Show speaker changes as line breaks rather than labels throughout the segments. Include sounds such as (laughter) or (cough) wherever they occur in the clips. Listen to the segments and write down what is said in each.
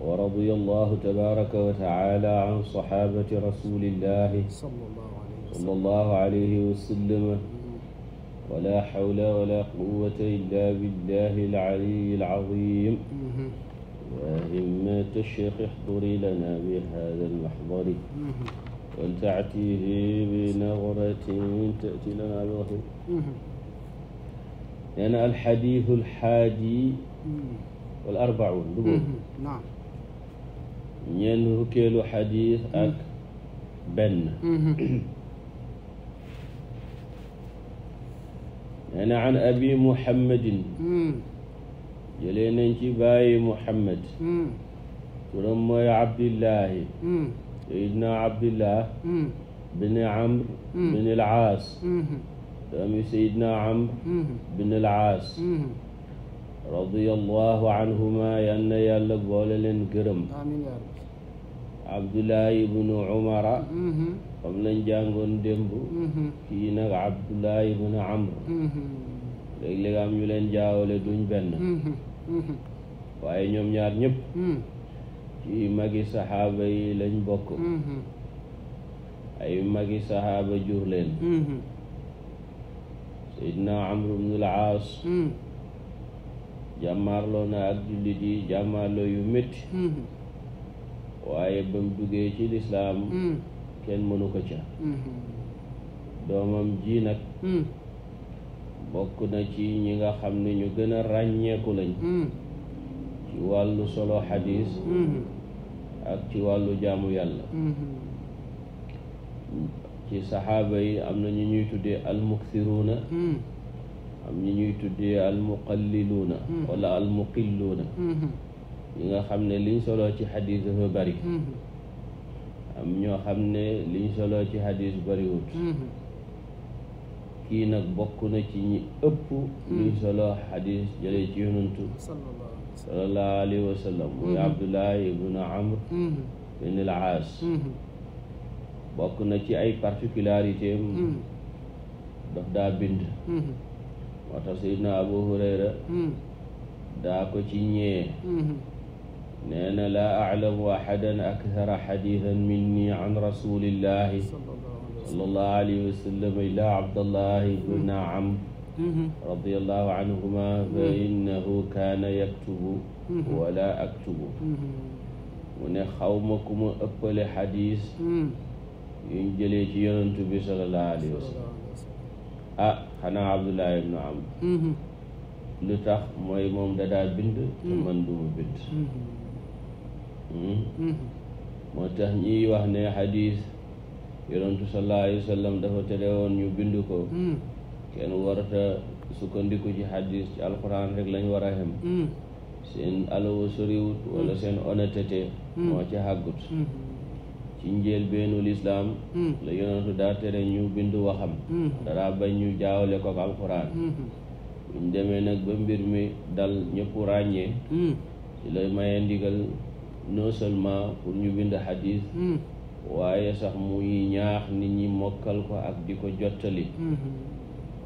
ورضي الله تبارك وتعالى عن صحابة رسول الله صلى الله عليه وسلم ولا حول ولا قوة إلا بالله العلي العظيم يا همة الشيخ احضري لنا بهذا المحضر ولتعتيه بنظرة تأتي لنا بظهر لأن الحديث الحادي والأربعون نعم ñeen fukkeelu xadiis ak ben nee na abi muhammadin jëlee nañ ci bàyyi muhammad turam mooy abdillahi sayidna abdillah bin amr bin al aas doomi sayidna anhuma yal na yàlla boole leen gërëm abdullahi ibnu umara comme mm-hmm. lañ jàngoon démb mm-hmm. kii nag abdullahi ibnu amr mm-hmm. léeg-léeg am ñu leen jaawale duñ benn waaye ñoom ñaar ñëpp mm. ci magi saxaaba lañ bokk ay magi saxaaba jur leen sayidna amr ibnul aas mm. jàmmaarloo na ak jullit yi jàmmaarloo yu métti waaye ba mu duggee ci lislaam hmm. kenn mënu ko ca hmm. doomam ji nag hmm. bokk na ci ñi nga xam ne ñu gën a ràññeeku lañ ci wàllu solo xadiis ak ci wàllu jaamu yàlla ci saxaaba yi am na ñu ñuy tuddee almukthiruuna am ñu ñuy tuddee almuqalliluuna wala almuqilluuna ñi nga xam ne liñ soloo ci xadis dafa bari mm-hmm. am ñoo xam ne liñ solo ci xadis bariwut mm-hmm. kii nag bokk na ci ñi ëpp liñ mm-hmm. soloo xadis jëlee ci yonantu sallallahu alayhi wa muy abdullah ibnu amr bin al aas bokk na ci ay particularité am daa bind moo tax abu hurayra daa ko ci ñee nee na laa aclamu axadan akthara xadiisan minni an rasulillahi sallallahu alayhi wa sallam ila abdallahi bn am radiyallahu anhuma fa innahu kaana yaktubu wala aktubu mu ne xawma ku ma ëppale xadiis yuñ jëlee ci yonantu bi sallallahu alayhi wa sallam ah xanaa abdullahi ibnu am mm-hmm. lu tax mooy moom dadaa bind te man duma bind Hmm? moo tax ñiy wax ne xadiis yonentu sallallahu alayhi dafa tere woon ñu bind ko hmm. kenn warata sukkandiku ci xadiis ci alquran rek lañ war a xem hmm. seen alawa soriwut wala seen honnêteté moo ci xàggut ci njëlbeenu lislaam la yonentu daa tere ñu bind waxam dara bañ ñu jaawale ko ak alquran buñ demee nag ba mbir mi dal ñëpp ràññee ci lay maye ndigal non seulement pour ñu bind xadis hmm. waaye sax muy ñaax nit ñi mokkal ko ak di ko jottali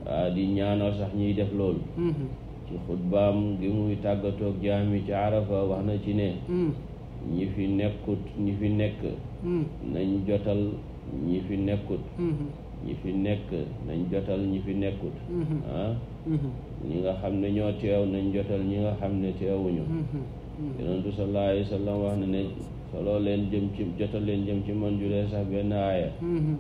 waa hmm. ah, di ñaanal sax ñuy def loolu hmm. ci xutbaam gi muy tàggatoog jaami ci arafa wax na ci ne ñi fi nekkut ñi fi nekk nañ jotal ñi fi nekkut ñi fi nekk nañ jotal ñi fi nekkut ñi nga xam ne ñoo teew nañ jotal ñi nga xam ne teewuñu yonentu sallallahu wax na ne soloo leen jëm ci jotal leen jëm ci man juree sax benn aaya mm-hmm.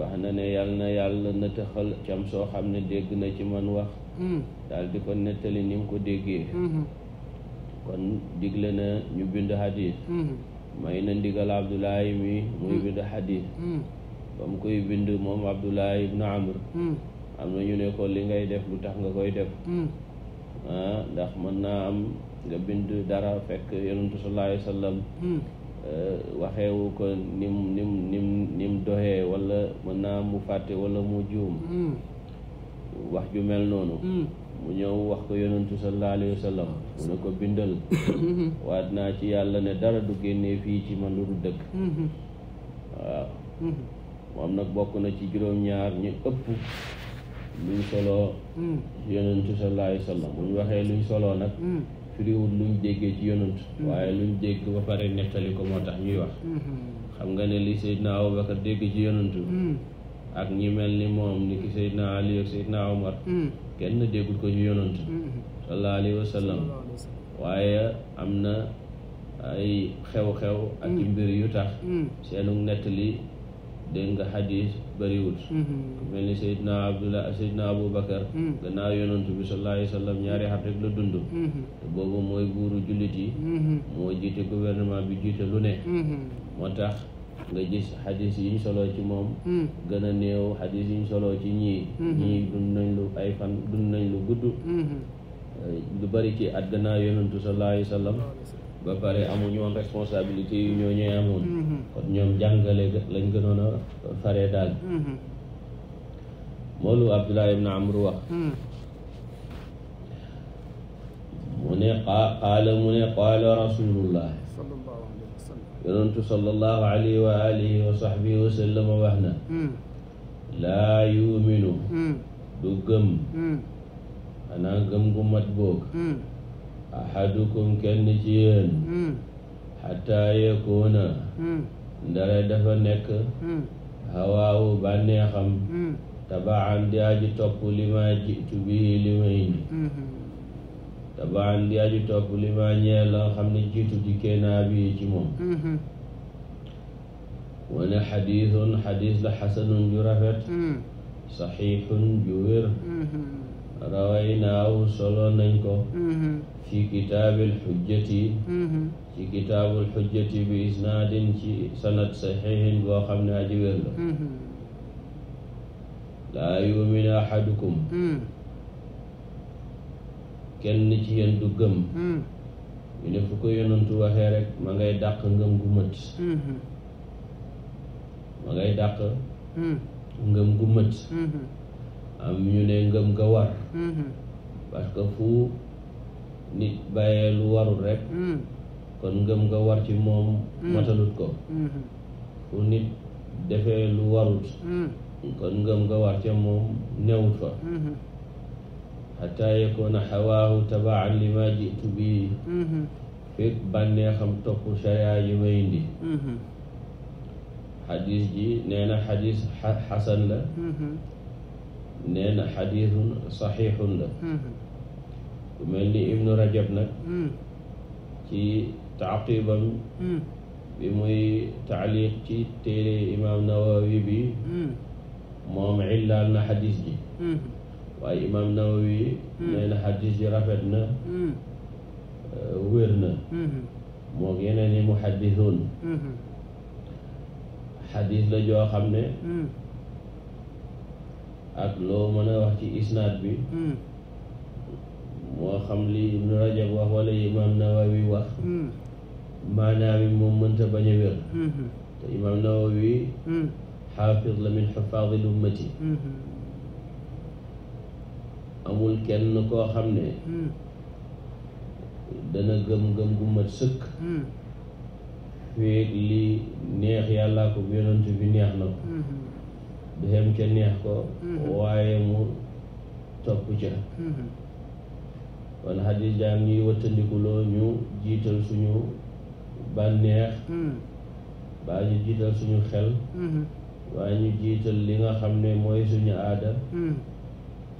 wax na ne yàlla na yàlla na tëxal cam soo xam ne dégg na ci man wax mm-hmm. dal di ko nettali ni mu ko déggee mm-hmm. kon digle na ñu bind xadiis may na ndigal abdoulahi mi muy bind xadiis ba mu koy bind moom abdoulahi ibnu amr am na ñu ne ko li ngay def lu tax nga koy def ah ndax mën naa am nga bind dara fekk yonentu sallallahu waxewu wa sallam hmm. euh, waxeewu ko nim nim nim nim doxee mën naa mu fàtte wala mu juum hmm. wax ju mel noonu hmm. mu ñëw wax ko yonentu sallallahu alayhi wa sallam mu ne ko bindal waat naa ci yàlla ne dara du génne fii ci man lu du dëkk waaw moom nag bokk na ci juróom-ñaar ñu ëpp luñ soloo yonentu sallallahu alayhi wa sallam bu luñ soloo nag firiwul luñ déggee ci yonant mm-hmm. waaye luñ dégg ba pare nettali ko moo tax ñuy wax
mm-hmm.
xam nga ne li Seydina Abubakar dégg ci yonantu mm-hmm. ak ñi mel ni moom ni ki Seydina Ali ak Seydina Omar kenn déggul ko ci yonant sallallahu alayhi wa waaye am na ay xew-xew ak mbir yu tax seenu nettali dégg nga xadiis bariwut mm-hmm. mel ni Seydina Abdullah Seydina Aboubacar mm. gannaaw yonantu bi sallallahu alayhi wa sallam ñaari at rek la dund mm-hmm. te boobu mooy buuru jullit yi mm-hmm. moo jiite gouvernement bi jiite lu ne moo tax nga gis xadis yiñ solo ci moom mm. gën a néew xadis yiñ soloo ci ñii ñii dund nañ lu ay fan dund nañ lu gudd lu bari ci at gannaaw yonantu sallallahu alayhi wa ba pare amuñu woon responsabilité yu ñoo ñooy mm-hmm. kon ñoom jàngale lañ gënoon a faree daal mm-hmm. moolu Abdullah ibn Amr wax mm-hmm. mu ne qaala mu ne qaala sallallahu alayhi wa alihi wa sahbihi wa sallam wax yuuminu du gëm xanaa gëm gu boog ahadukum kenn ci yéen xataa hmm. yakuuna hmm. ndare dafa nekk hmm. hawaahu bànneexam tabaan di aji topp li jitu bii li may indi topp li ñeel la nga xam ne jiitu dikkee naa ci moom wane xadiisun la xasanun ju rafet saxiixun rawaynaahu solo nañ ko mm-hmm. fi kitaabil xujjati ci mm-hmm. kitaabul xujjati bi isnaadin ci sanad saxiixin boo xam ne aji wér la mm-hmm. laa yumin ahadukum kenn ci yéen du gëm ñu ne fu ko yonantu waxe rek ma ngay dàq ngëm gu mët ma ngay dàq ngëm gu mët am ñu ne ngëm nga war mm-hmm. parce que fu nit bàyyee lu warul rek mm. kon ngëm nga war ci moom mm. matalut ko mm-hmm. fu nit defee lu warut mm. kon ngëm nga war ca moom newut fa xata mm-hmm. yakoona xawaahu tabaan li ma jitu bii fekk bànneexam topp sharia yi may indi xadis ji nee na xadis xasan la nee na xadiisun la mm-hmm. ku mel ni ibnu rajab nag mm. ci taqibam mm. bi muy taaliq ci téere imaam nawawi bi mm. moom i na xadis ji mm-hmm. waaye imaam nawawi nee na ji rafet na uh, wér na mm-hmm. moom yeneen i muhaddisuun xadis la joo xam ne ak loo mën a wax ci isnaad bi hmm. moo xam li ibnu rajab wax wala imaam nawawi wax hmm. maanaam yi moom mënta bañ a wér hmm. te imaam nawawi xaafid la min xufaadil ummati amul kenn koo xam ne dana gëm-gëm gu mat sëkk feeg li neex yàllaa ko yonent bi neex na ko du xem ca ko mm-hmm. waaye mu topp ca kon
mm-hmm.
xadis daa ngi wattandikuloo ñu jiital suñu bànneex mm-hmm. baa ñu jiital suñu xel baa ñu jiital li nga xam ne mooy suñu aada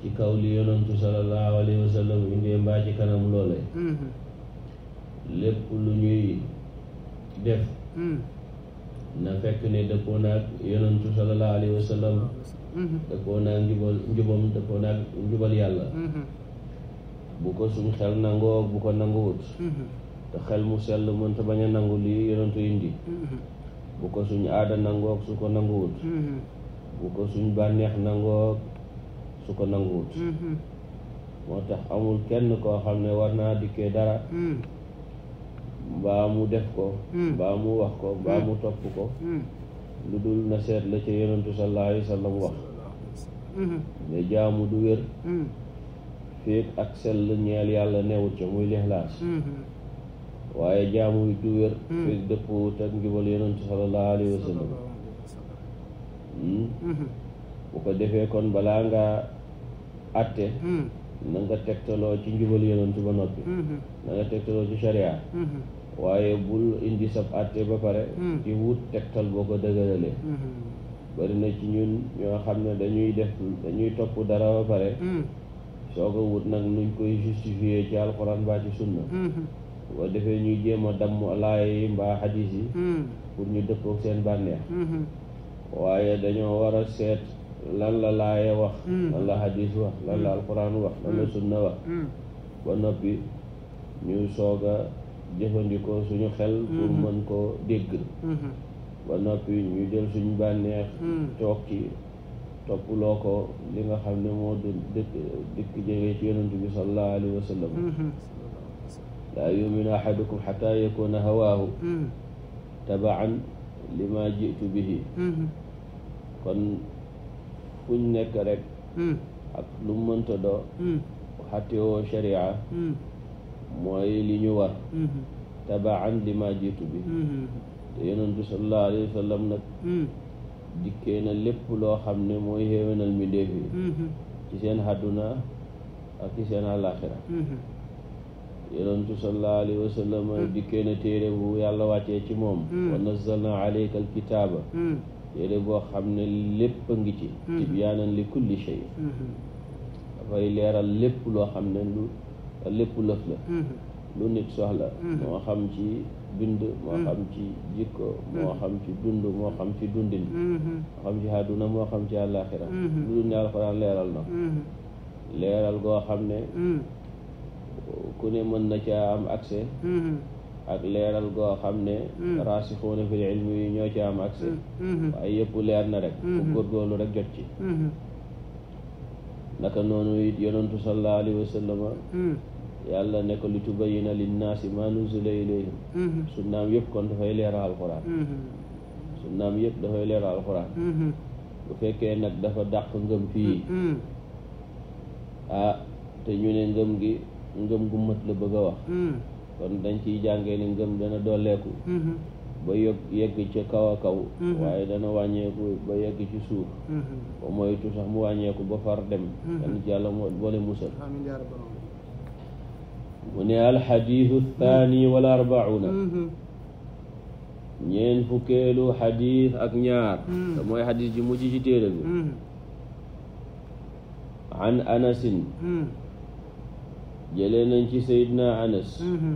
ci kaw li yonantu sallallahu alayhi wa sallam indee ci kanam loole lépp lu ñuy def na fekk ne dëppoo naag yonantu sallallahu alayhi wa sallam mhm. dëppoo naag njubal njubal yàlla mhm. bu ko suñ xel nangoo bu ko nanguwut mhm. te xel mu sell mënta bañ a nangu lii yonantu indi bu ko suñ aada nangoog su ko nanguwut bu ko suñ bànneex nangoog su ko nanguwut moo tax amul kenn koo xam ne war naa dikkee dara mbaa mu def ko hmm. mbaa mu wax ko mbaa hmm. mu topp ko hmm. lu dul na seet la ca yonentu sallallahu alayhi wa sallam wax ne jaamu du wér féeg ak sell ñeel yàlla newut ca muy lixlaas waaye jaamu yi du wér féeg dëppwut ak njubal yonentu sallallahu alayhi wa bu ko defee kon balaa nga atte na nga tegtaloo ci njubal yonentu ba noppi na nga tegtaloo ci sharia waaye bul indi sab àtte ba pare hmm. di wut tegtal boo ko dëgëralee hmm. bari na ci ñun ñoo xam ne dañuy def dañuy topp dara ba pare hmm. soo ko wut nag nuñ koy justifier ci alxuraan baa ci sunna boo defee ñuy jéem a damm laay yi mbaa xadis yi pour ñu dëppoog seen bànneex waaye dañoo wara seet lan la laay wax lan la xadis wax lan la alxuraan wax lan la sunna wax ba noppi ñu sooga jëfandikoo suñu xel pour mm-hmm. mën koo dégg mm-hmm. ba noppi ñu jël suñu bànneex mm-hmm. toog ci topp loo ko li nga xam ne moo du dëkk dëkk jógee ci yonent bi sallallahu alayhi wa sallam laa yuminu ahadukum xata yakuna hawaahu tabaan lima jitu bihi kon fuñ nekk rek ak lu mënta doo xattewoo sharia mooy li ñu war mm-hmm. tabaan li ma bi mm-hmm. te yonentu sallallahu alayhi wa sallam nag mm-hmm. dikkee na lépp loo xam ne mooy xéwénal mi ndéef yi ci seen àdduna ak ci seen àllaaxira yonentu sallallahu alayhi wa sallam dikkee na téere bu yàlla wàccee ci moom wa nazzalna alayka alkitaaba téere boo xam ne lépp a ngi ci tibyaanan li kulli shay dafay leeral lépp loo xam ne lu lépp lëf la mm-hmm. lu nit soxla mm-hmm. moo xam ci bind moo mm-hmm. xam ci jikko moo xam ci dund moo xam ci dundin moo xam ci àdduna moo xam ci àllaaxira lu dul alxuraan leeral na leeral goo xam ne ku ne mën na caa am accès ak leeral goo xam ne raasixuuna fil ilmi yi ñoo ci am accès waaye yëpp leer na rek ku góorgóorlu rek jot ci naka noonu it yonentu sallallahu alayhi yàlla lu ne ko li tubayyina linnaasi maa nuzila su mm-hmm. sunnaam yëpp kon dafay leeral alxuraan mm-hmm. sunnaam yëpp dafay leeral alxuraan mm-hmm. bu fekkee nag dafa dàq ngëm fii ah te ñu ne ngëm gi ngëm gu mat la bëgg a wax kon dañ ciy jàngee ni ngëm dana dolleeku ba yëg yegg ca kaw a kaw waaye dana wàññeeku ba yegg ci suuf ba moytu sax mu wàññeeku ba far dem kan ci moo boole musal mu ne alxadiisu thaani wal arbauna mm-hmm. ñeen fukkeelu xadiis ak ñaar mm. te mooy xadiis ji mujj ci téere bi mm. an anasin mm. jëlee nañ ci sayidna anas mm-hmm.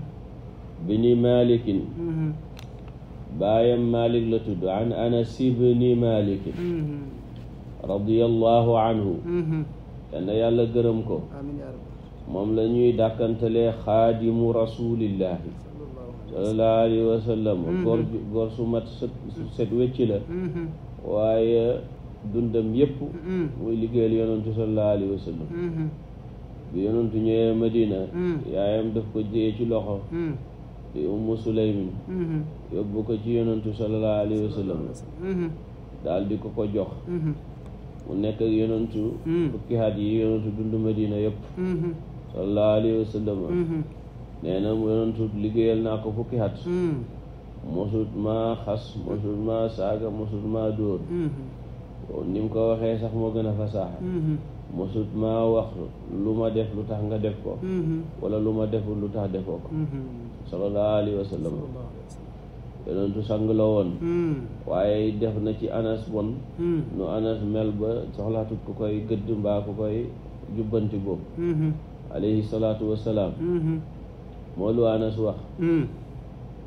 bini malikin mm-hmm. baayam malik la tudd an anas ibni malikin radiallahu anhu kenn yàlla gërëm ko amiin moom la ñuy dàkkantalee xaadimu rasulillahi sallallahu alayhi wa sallam mm-hmm. su mat set wecc la mm-hmm. waaye dundam yépp mm-hmm. muy liggéeyal yonantu sallallahu alayhi wa sallam bi yonantu ñëwee Madina yaayam daf ko jëyee ci loxo di ummu suleymin yóbbu ko ci yonantu sallallahu alayhi wa di ko ko jox
mu
nekk ak yonantu fukki at yi yonantu dund Madina yépp sallallahu alayhi wa sallam mm-hmm. liggéeyal naa ko fukki at mm. mosut maa xas mosut maa saaga mosut maa dóor mm-hmm. ni mu ko waxee sax moo gën a fasaaxa mm-hmm. mosut maa wax lu ma def lu tax nga def ko wala lu ma deful lu tax defoo ko sallallahu alayhi wa sang la woon mm. waaye def na ci anas bon mm. nu anas mel ba soxlaatut ku koy gëdd mbaa ku koy jubbanti boobu alayhi salaatu wassalaam mm-hmm. moolu anas wax mm.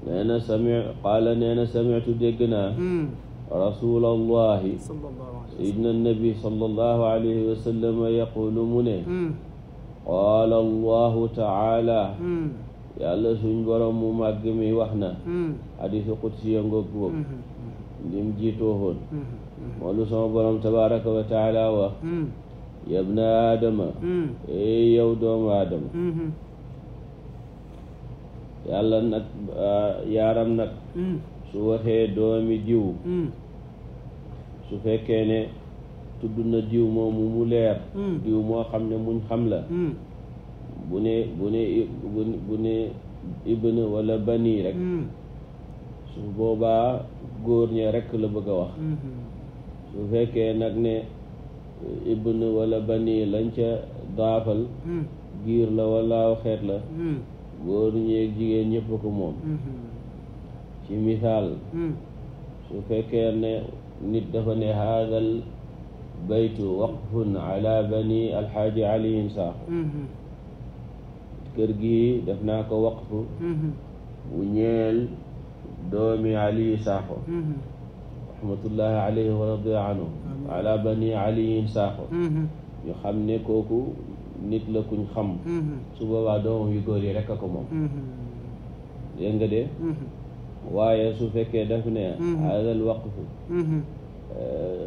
nee na sami qaala nee na samitu dégg naa mm. rasulallahi sayidna nabi sallallahu alayhi wa sallam yaqulu mu ne mm. qaala allahu taala yàlla suñ borom mu màgg mi wax na hadisu qudsi ya ngoog boob
mm-hmm.
lim jiitoohoon mm-hmm. moolu sama borom tabaraka wa taala wax yabna aadama hmm. ey eh, yow doomu aadama hmm. yàlla nag ah, yaaram nag hmm. su waxee doomi diw su fekkee ne tudd na diw moomu mu leer diw moo xam ne muñ xam la bu ne bu ne ibn wala bani rek su boobaa góor ñe rekk la bëgg a wax su fekkee nag ne ibn walla bani lañ ca daafal hmm. giir la wala aw xeet la hmm. góor ñeeg jigéen ñépp ko moom hmm. ci misaal su fekkee ne nit dafa ne haadal baytu waqfun ala bani alxaaji aliyin saaxo kër gi def naa ko waqfu bu ñeel doomi aliyu saaxo rahmatullahi alayhi wa radiya anhu ala bani aliyin saaxo mm-hmm. ñu xam ne kooku nit la kuñ xam mm-hmm. su boobaa doomam yu góor yi rek a ko moom
mm-hmm.
dégg nga de waaye su fekkee daf ne hadal waqfu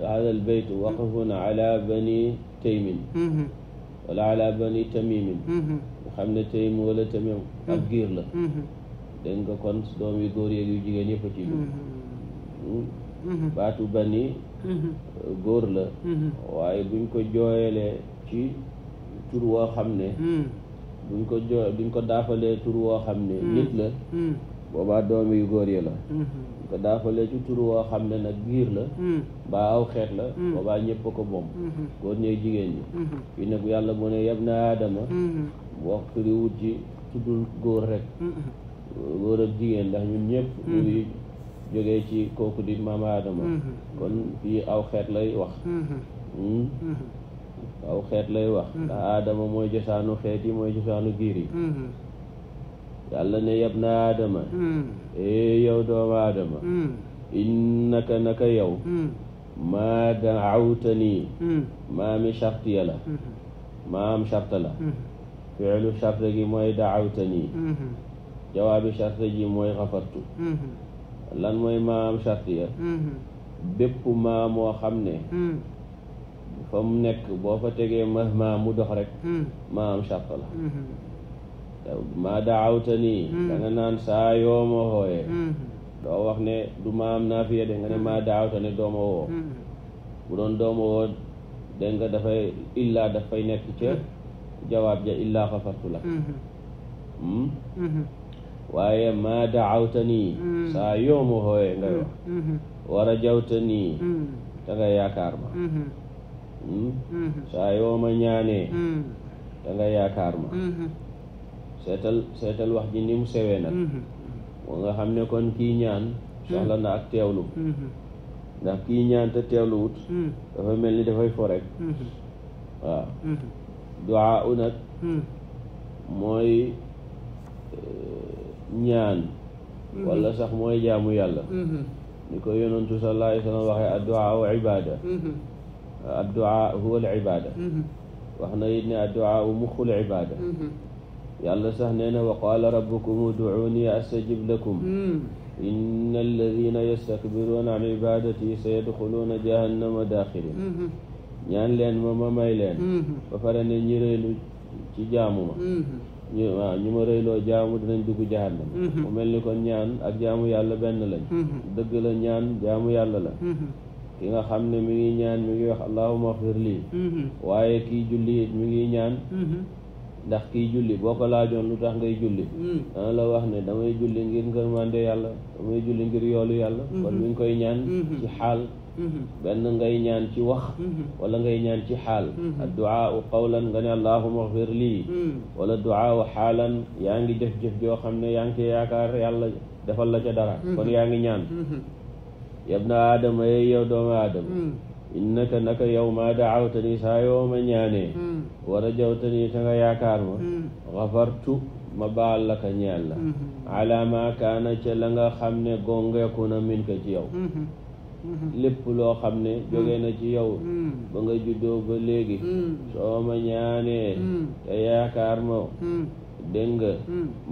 hadal eh, baytu waqfun ala bani taymin wala ala bani tamimin ñu xam ne taym wala tamim ak giir la dégg nga kon doom yu góor yeeg yu jigéen ñëpp a ci Mm-hmm. baatu ba ni mm-hmm. uh, góor la mm-hmm. waaye buñ ko jooyalee ci tur woo xam ne mm. buñ ko joo buñ ko daafalee tur woo xam ne mm. nit la mm. boobaa doom yu góor yi la buñ ko daafalee ci tur woo xam ne nag giir la mbaa aw xeet la boobaa ñëpp a ko moom góor ñooy jigéen ñi fii nag yàlla mu ne yab na aadama wax firiwut ci tuddul góor rek góor ak jigéen ndax ñun ñëpp jógee ci kooku di maam Aadama mm-hmm. kon fii aw xeet lay wax mm-hmm. Mm-hmm. aw xeet lay wax ndax Aadama mooy josaanu xeet yi mooy cosaanu giir yi yàlla ne yab na Aadama ee yow doomu Aadama innaka naka yow maa daawtanii maami charte ya la maam charte la fiilu charte gi mooy daawtanii jawaabi charte ji mooy xafartu lan mooy maam chartiya mm-hmm. bépp maam moo xam ne mm. fa nekk boo fa tegee ma maam mu dox rek mm. maam chart la mm-hmm. maa daawta nii mm. da nga naan saa yoo ma hooyee mm-hmm. doo wax ne du maam naa fiye de nga ne maa daawta ne dooma woo bu doon dooma woo dégg dafay illaa dafay nekk ca jawaab ja illaa xafartu la hmm? waaye maa daawta nii saa yoo ma hooye hmm. ngay wax hmm. hmm. war a jawta nii te nga yaakaar ma saa yoo ma ñaanee te nga yaakaar ma seetal seetal wax ji ni mu sewee nag moo nga xam ne kon kii ñaan soxla na ak teewlu ndax kii ñaan te teewluwut dafa mel ni dafay fo rek waaw duwaa u nag mooy ñaan mhm. wala sax mooy jaamu yàlla mhm. ni ko yonantu sallallahu alayhi wa sallam waxee addu'a wa ibada mhm. addu'a huwa al ibada wax na it ne addu'a muxul ibada yàlla sax nee na wa qaala rabbukum ud'uuni astajib lakum inna alladina yastakbiruuna an ibadati sayadxuluuna jahannama daaxirin ñaan leen ma ma may leen ba pare ne ñi réelu ci jaamu ma ñu ñu ma rëyloo jaamu dinañ dugg jahannam mm-hmm. mu mel ni kon ñaan ak jaamu yàlla benn lañ mm-hmm. dëgg la ñaan jaamu yàlla la mm-hmm. ki nga xam ne mi ngi ñaan mi ngi wax allahumma xfir lii waaye kii julli it mi ngi ñaan ndax kii julli boo ko laajoon lu tax ngay julli dana la wax ne damay julli ngir ngërmande yàlla damay julli ngir yoolu yàlla kon mi ngi koy ñaan ci xaal benn ngay ñaan ci wax walla ngay ñaan ci xaal adduaa qawlan nga ne lii wala duaa xaalan yaa ngi jëf-jëf joo xam ne yaa ngi ci yaakaar yàlla defal la ca dara kon yaa ngi ñaan yabna aadama yey yow doomu aadama innaka naka yow maa daawta saa yoo ma ñaanee wa ta nga yaakaar ma xafartu ma baal la ka ñeel la ala ma kaana ca la nga xam ne gongeeku na min ka ci yow Mm-hmm. lépp loo xam ne jóge mm. na ci yow mm. ba nga juddoo ba léegi mm. soo ma ñaanee te yaakaar ma dégg nga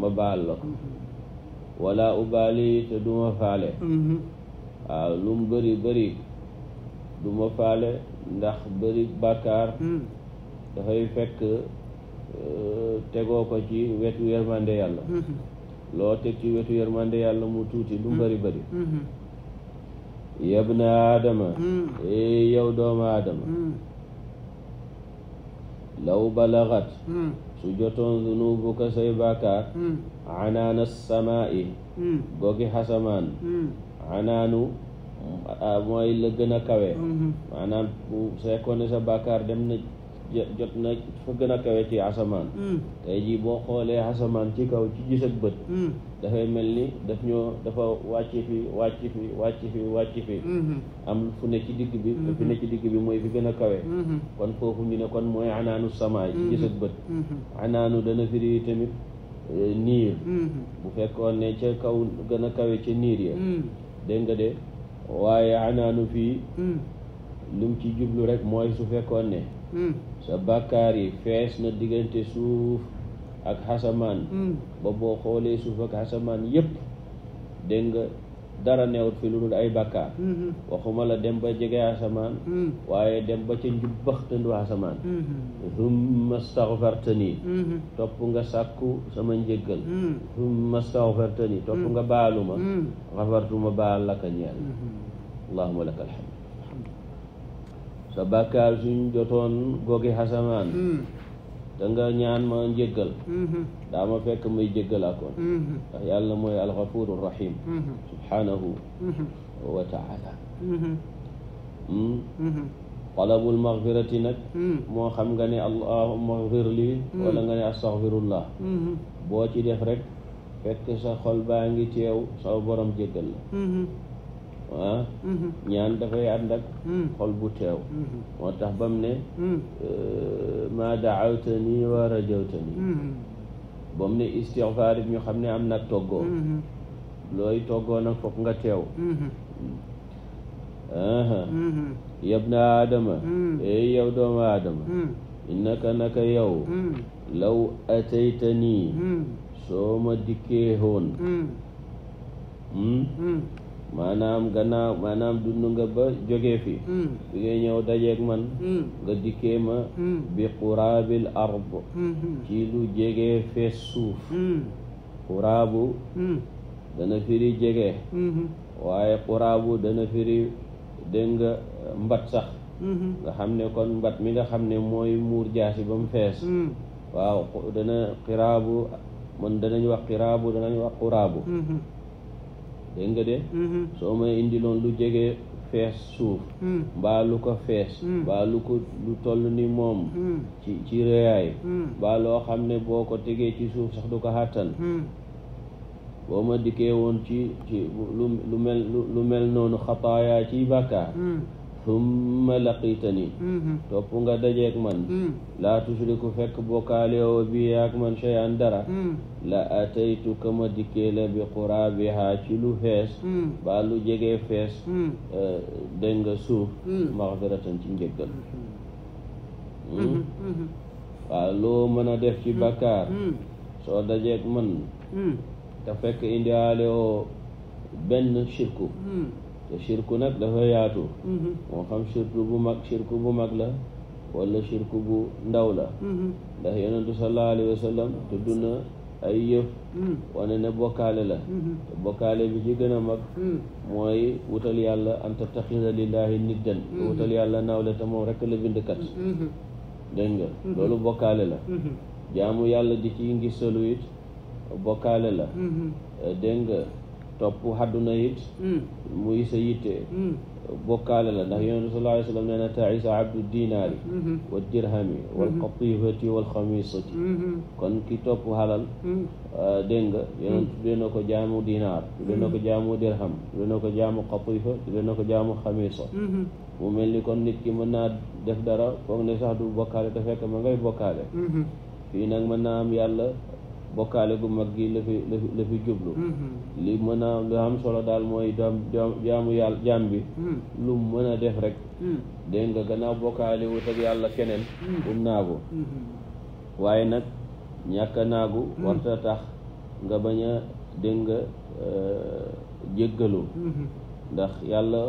ma baal la ko mm-hmm. wala ubaali te duma faale mm-hmm. waaw lum bëri bëri duma faale ndax bëri bàkkaar dafay fekk euh, tegoo ko ci wetu yërmande yàlla loo teg ci wetu yërmande yàlla mu tuuti lu mu bëri bëri yabna aadama hmm. ey eh, yow doomu aadama hmm. law balagat hmm. su jotoon zunubuka say bàkkaar anaana samaa'i gogi xasamaan anaanu ah, mooy la gën a kawe maanaam bu sekkoon ne sa bàkkaar dem na jot na fa gën a kawe ci asamaan hmm. tey jii boo xoolee asamaan ci kaw ci gis bët hmm. dafay mel ni daf ñoo dafa wàcc fi wàcc fi wàcc fi hmm. am fu nekk ci digg bi digg bi mooy fi gën a kawe kon foofu ñu ne kon mooy anaanu samaa ci gis bët anaanu dana firi tamit eh, niir bu fekkoon ne ca kaw gën a kawe ca niir ya dégg de waaye anaanu fii lim ci jublu rek mooy su fekkoon ne Hmm. sa bàkkaar yi fees na diggante suuf ak xasamaan hmm. ba boo xoolee suuf ak xasamaan yépp dégg nga dara newut fi lu dul ay bàkkaar hmm, waxuma la dem ba jege asamaan waaye dem ba ca njubbaxtandu asamaan thumma staghfartani topp nga sàkku sama njëggal thumma staghfartani topp nga baalu ma xafartuma baal laka ñeel allahumma laka alhamd sa bàkkaar suñ jotoon gogi xasamaan hmm. da nga ñaan ma njëggal hmm. daa ma fekk may jëggal akoon hmm. ndax yàlla mooy alxafuru rahim subhanahu wa taala talabul maxfirati nag moo xam nga ne allahumma xfir lii wala nga ne astaxfirullah boo ci def rek fekk sa xol baa ngi teew sa borom jëggal la ah mm-hmm. ñaan dafay ànd ak mm. xol bu teew mm-hmm. moo tax ba mu ne mm. euh, maa daawtani wa rajawtani mm-hmm. ba mu ne istixfaar bi ñu xam ne am nag toggoo looy toggoon nag foog nga teew yabna aadama mm. ey yow doomu aadama innaka naka yow law ataytani soo ma dikkee hoon maanaam gannaaw maanaam dund nga ba jógee fi hmm. bi ngay ñëw dajeeg man hmm. nga dikkee ma hmm. bi quraabil ard ci lu jegee fees suuf quraabu dana firi jege waaye quraabu dana firi dégg nga mbat sax nga xam ne kon mbat mi nga xam ne mooy muur jaasi ba mu fees waaw dana qiraabu man danañ wax qiraabu danañ wax quraabu dégg nga de mm-hmm. soo may indi loon lu jege fees suuf mm. mbaa lu ko fees mm. mbaa lu ko lu toll ni moom mm. ci ci réyaay mbaa loo xam ne boo ko tegee ci suuf sax du ko xàttan boo ma dikkee woon ci ci lu mel lu mel noonu xataayaa ciy bàkkaar summa laqitani mm-hmm. topp nga dajeek man mm. laa tushriku fekk bokkaale woo bi yaak man shay'an dara mm. la ataytuka ma dikkee la bi quraabihaa ci lu fees mm. ba lu jege fees eh, dégg nga suuf maxfiratan ci njëggal mm-hmm. mm-hmm. waaw loo mën a def ci bakkaar soo dajeek man te fekk indiwaale benn shirku te shirku nag dafa yaatu mm-hmm. moo xam shirku bu mag sirku bu mag la wala shirku bu ndaw la mm-hmm. ndax yonentu sallallahu alayhi wa tudd na ay yëf mm-hmm. wane ne bokkaale la te bokkaale bi ci gën a mag mooy wutal yàlla an tattaxida lillahi niddan wutal yàlla nawle te moom rekk la bindkat dégg nga loolu bokkaale la jaamu yàlla di ci ngisalu bokkaale la dégg topp xadduna it hmm. muy sa yitte hmm. bokkaale la ndax yonent bi sallallahu alayhi wa sallam nee na abdu dinaari hmm. wa dirhami wal qatifati wal xamisati kon ki topp xalal ah, dégg nga yonent tuddee na ko jaamu dinaar tuddee na ko jaamu dirham tuddee na ko jaamu mu mel ni kon nit ki mën naa def dara foog ne sax du bokkaale te fekk ma ngay bokkaale fii nag mën naa am yàlla bokkaale gu mag gi la fi la fi la fi jublu mm-hmm. li mën a lu am solo daal mooy doom jaamu yàlla jaam bi mm-hmm. lu mën a def rek mm-hmm. dégg nga gannaaw bokkaale wut ak yàlla keneen um naagu waaye nag ñàkk a naagu warta tax nga bañ a dégg nga euh, jéggalu ndax yàlla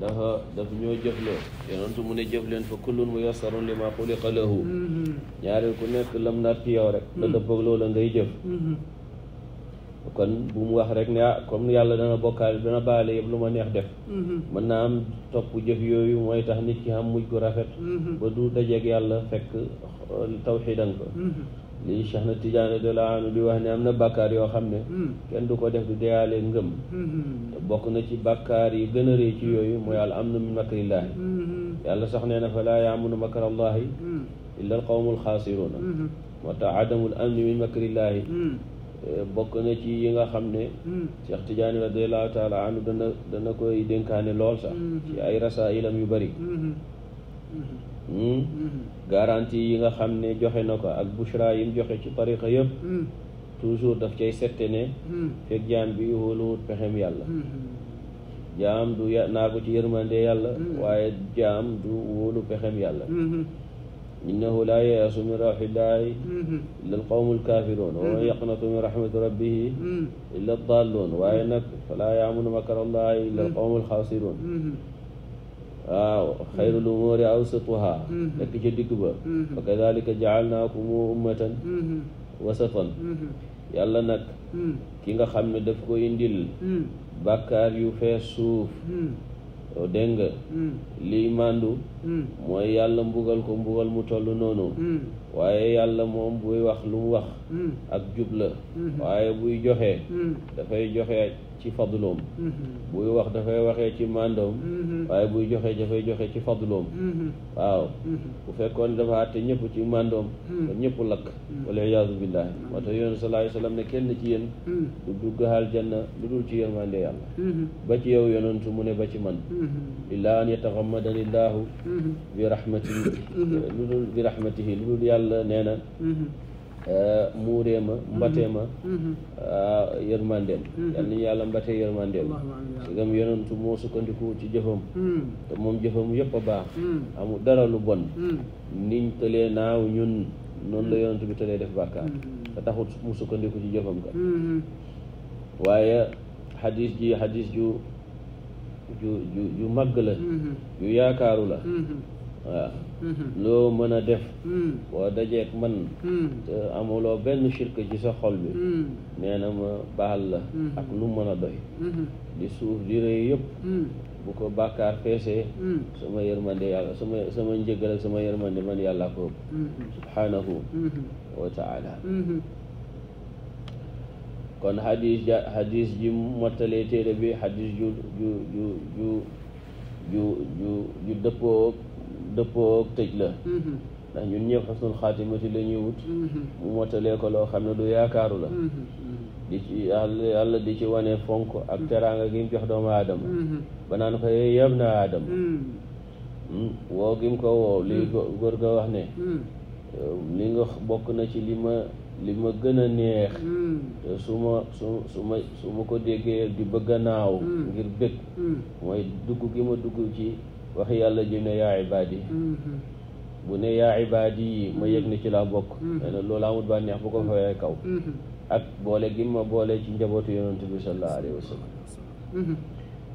dafa daf ñoo jëfloo yonentu mu ne jëf leen fa mu muyassarun li ma xuliqa lahu
mm-hmm.
ñaari ku nekk lam naat ci yow rek da mm-hmm. dëppoog loola ngay jëf mm-hmm. kon bu mu wax rek ne ah comme yàlla dana bokkaale dana baale yëpp lu ma neex def mën naa am topp jëf yooyu mooy tax nit ki am mujj gu rafet ba du dajeeg yàlla fekk uh, tawxidan ko lii Cheikh na Tidiane radiyallaahu anhu di wax ne am na bàkkaar yoo xam ne hmm. kenn du ko def du deyaale ngëm
hmm.
bokk na ci bakkaar yi gën ci yooyu mooy al na min makrillaahi
hmm.
yàlla sax nee na fa laa yaamunu makrallaahi illa al qawmul xaasiruuna moo tax adamul amni min makrillaahi eh, bokk na ci yi nga xam ne Cheikh Tidiane radiyallaahu taala anhu dana dana koy dénkaane lool sax ci ay rasailam yu bëri Hmm? Hmm. garantie yi nga xam ne joxe na ko ak bushra yi mu joxe ci tariqa yëpp hmm. toujours daf cay sette ne fekk jaam bi wóoluwut pexem yàlla jaam du naa ko ci yërmande yàlla waaye jaam du wóolu pexem yàlla innahu laa yeyaasu min rawxillaahi illa alqawmu alkaafiruun wa man yaqnatu min rahmati rabbihi illa addaalluun waaye nag falaa yaamunu makara allaahi illa alqawmu alxaasiruun waaw xayrul umuuri awsatuha nekk ca digg ba fa kadalika jaalnaakum ummatan wasatan yàlla nag ki nga xam ne daf ko indil bàkkaar yu fees suuf yow oh, nga liy màndu mooy yàlla mbugal ko mbugal mu toll noonu waaye yàlla moom buy wax lu mu wax ak jubla waaye buy joxe dafay joxe ci fadloom
mm-hmm.
buy wax dafay waxee ci màndoom
mm-hmm. waaye
buy joxe dafay joxe ci fadloom mm-hmm. waaw bu fekkoon dafa àtte ci màndoom kon ñëpp lakk waliyaadu billaahi moo tax yoon sallallaahu alayhi wa kenn ci yéen du dugg aljanna lu dul ci yërmande yàlla ba ci yow yonentu mu ne ba ci man illaa an yataxammadani llaahu bi rahmatihi bi rahmatihi lu dul yàlla nee na Euh, muuree ma mhm. mbatee ma mhm. euh, yërmandeem mhm. yal nañu yàlla mbatee yërmandeem si gam yonentu moo sukkandiku ci jëfam te moom jëfam yëpp a baax amul dara lu bon niñ tëlee naaw ñun noonu la yonentu bi tëlee def bàkkaar te taxut mu sukkandiku ci jëfam ka waaye xadis ji xadis ju ju ju ju màgg la ju yaakaaru la waaw mhm. loo mën a def mhm. boo dajeek man mhm. te amuloo benn shirk ci sa xol bi nee na ma baal la ak lu mën a doy di suuf di rëy yëpp bu ko bàkkaar feesee sama yërmande yàlla sama sama njëggal sama yërmande man yàlla ko subhanahu wa kon xadis ja ji mottalee téere bi xadis ju ju ju ju ju ju ju dëppoo dëppoog tëj la mm-hmm. ndax ñun ñëpp xasnul xaatimati la ñuy wut
mm-hmm.
loo xam ne du yaakaaru la
mm-hmm.
di ci yàlla di ci wane fonk ak teraanga gi jox doomu aadama ba naan ko yooyu mm, ko woo wax ne li nga bokk na ci li li ma gën a neex te su ma su su ma su ma ko déggee di bëgg a naaw ngir bëgg mooy dugg gi ma dugg ci wax yàlla ji ne yaa ibaadi mm-hmm. bu ne yaa ibaadi yi ma yëg ne ci laa bokk nee mm-hmm. na loolu amut bànneex bu ko mm-hmm. fawee kaw ak boole gi ma boole ci njabootu yonent bi sallallahu alayhi wa sallam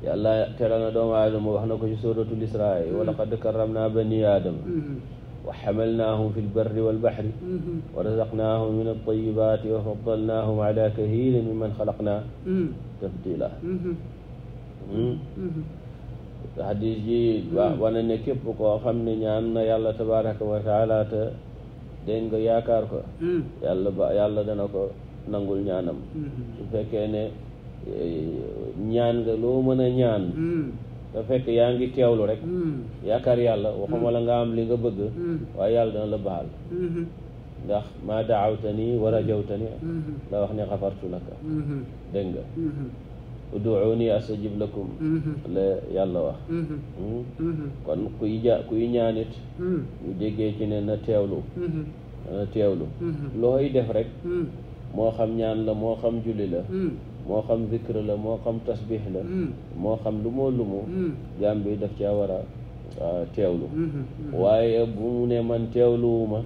yàlla teral na doomu aadama wax na ko ci suratul israa wa laqad karramna bani aadama wa xamalnaahum fi lbarri walbaxri wa razaqnaahum min altayibaati wa faddalnaahum ala kahirin mimman xalaqna tafdila
hmm?
te xadis ji waa hmm. wane ne képp koo xam ne ñaan na yàlla tabaraka wa taala te dégg nga yaakaar ko hmm. yàlla ba yàlla dana ko nangul ñaanam hmm. su fekkee ne eh, ñaan nga loo mën a ñaan te fekk yaa ngi teewlu rek yaakaar yàlla waxuma la nga am li nga bëgg waaye yàlla dana la baal ndax maa daawta nii wa rajawta nii la wax ne xafartu laka dégg uduuni astajib lakum mm-hmm. la yàlla wax mm-hmm. Hmm? Mm-hmm. kon kuy ja kuy ñaanit ñu mm. déggee ci ne na teewlu teewlu looy def rek mm. moo xam ñaan la moo xam julli la mm. moo xam zikr la moo xam tasbix la moo xam lu moo lu mu jaam bi daf caa war a teewlu waaye bu mu ne man teewluwuma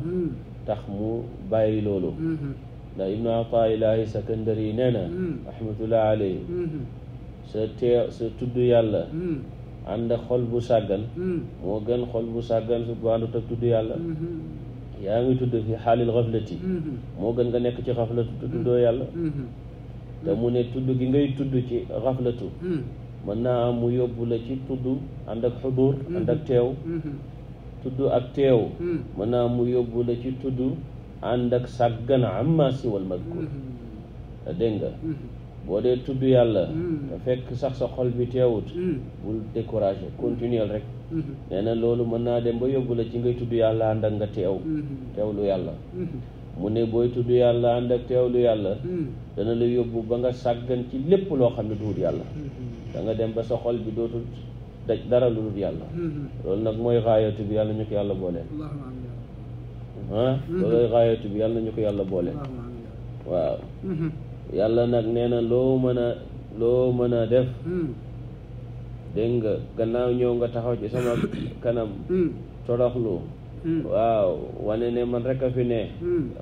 tax mu bàyyi loolu ndax ibnu atailahi yi nee na hmm. rahmatullah alayhi hmm. sa teew sa tudd yàlla hmm. ànd ak xol bu sàggan moo gën xol bu sàggan su àndut ak tudd yàlla yaa ngi tudd fi xaalil xaflati moo gën nga nekk ci xaflatu tudd doo yàlla te mu ne tudd gi ngay tudd ci xaflatu mën naa am mu yóbbu la ci tudd ànd ak xudur ànd ak teew tudd ak teew mën naa am mu yóbbu la ci tudd ànd ak sàggan amma siwal madkur te mm-hmm. dégg nga
mm-hmm.
boo dee tudd yàlla te mm-hmm. fekk sax sa xol bi teewut bul découragé continuel rek nee na loolu mën naa dem ba yóbbu la ci ngay tudd yàlla ànd ak nga teew teewlu yàlla mu ne booy tudd yàlla ànd ak teewlu yàlla dana la yóbbu ba nga sàggan ci lépp loo xam ne duut yàlla da nga dem ba sa xol bi dootul daj dara lu dul yàlla loolu nag mooy raayatu bi yàlla ñu ko yàlla boole ah mhm. loolooy raayatu bi yàlla ko yàlla boole waaw mhm. yàlla nag nee na loo mën a loo mën a def mhm. dégg nga gannaaw ñëw nga taxaw ci sama (coughs) kanam toroxlu waaw wane ne man rek a fi ne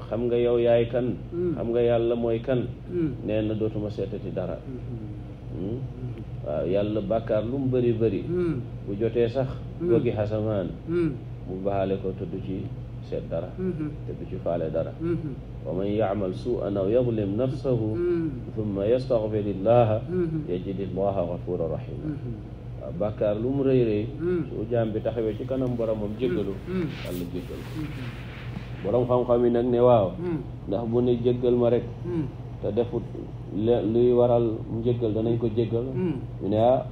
xam nga yow yaay kan xam nga yàlla mooy kan nee na dootuma seetati dara
hmm?
waaw yàlla bàkkaar lu mu bari bëri bu jotee sax boggi xasamaan mu baale ko tudd ci seet dara te du ci faale dara wa man yaamal suan aw yadlim nafsahu thumma yastaghfirillaha yajidillaha ghafura rahima waaw lu mu rëy rëy su jaam bi taxawee ci kanam boromam jéggalu yàlla jéggal ko borom xam-xam yi nag ne waaw ndax bu ne jéggal ma rek te defu luy waral mu jéggal danañ ko jéggal ñu ne ah